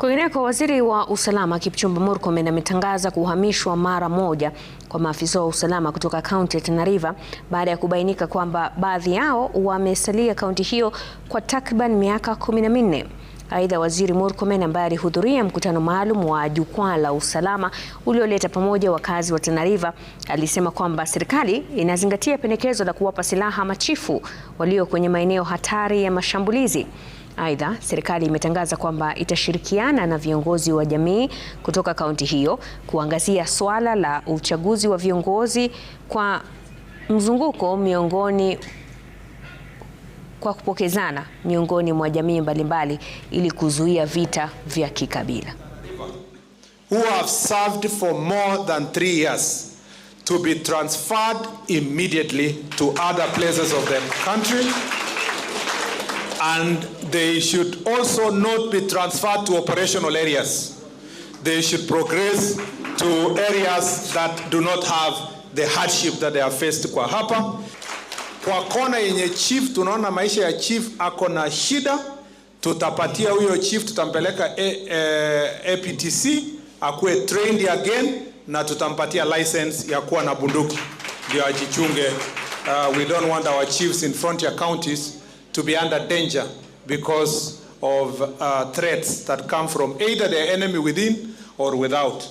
Kwingineko, waziri wa usalama Kipchumba Murkomen ametangaza kuhamishwa mara moja kwa maafisa wa usalama kutoka kaunti ya Tana River baada ya kubainika kwamba baadhi yao wamesalia kaunti hiyo kwa takriban miaka kumi na minne. Aidha, Waziri Murkomen ambaye alihudhuria mkutano maalum wa jukwaa la usalama ulioleta pamoja wakazi wa Tana River alisema kwamba serikali inazingatia pendekezo la kuwapa silaha machifu walio kwenye maeneo hatari ya mashambulizi. Aidha, serikali imetangaza kwamba itashirikiana na viongozi wa jamii kutoka kaunti hiyo kuangazia swala la uchaguzi wa viongozi kwa mzunguko miongoni kwa kupokezana miongoni mwa jamii mbalimbali ili kuzuia vita vya kikabila. Who have served for more than three years to be transferred immediately to other places of the country and they should also not be transferred to operational areas. They should progress to areas that do not have the hardship that they have faced kwa hapa kwa kona yenye chief, tunaona maisha ya chief ako na shida, tutapatia huyo chief, tutampeleka e, e, eh, APTC akuwe trained again na tutampatia license ya kuwa na bunduki ndio ajichunge. Uh, we don't want our chiefs in frontier counties to be under danger because of uh, threats that come from either the enemy within or without.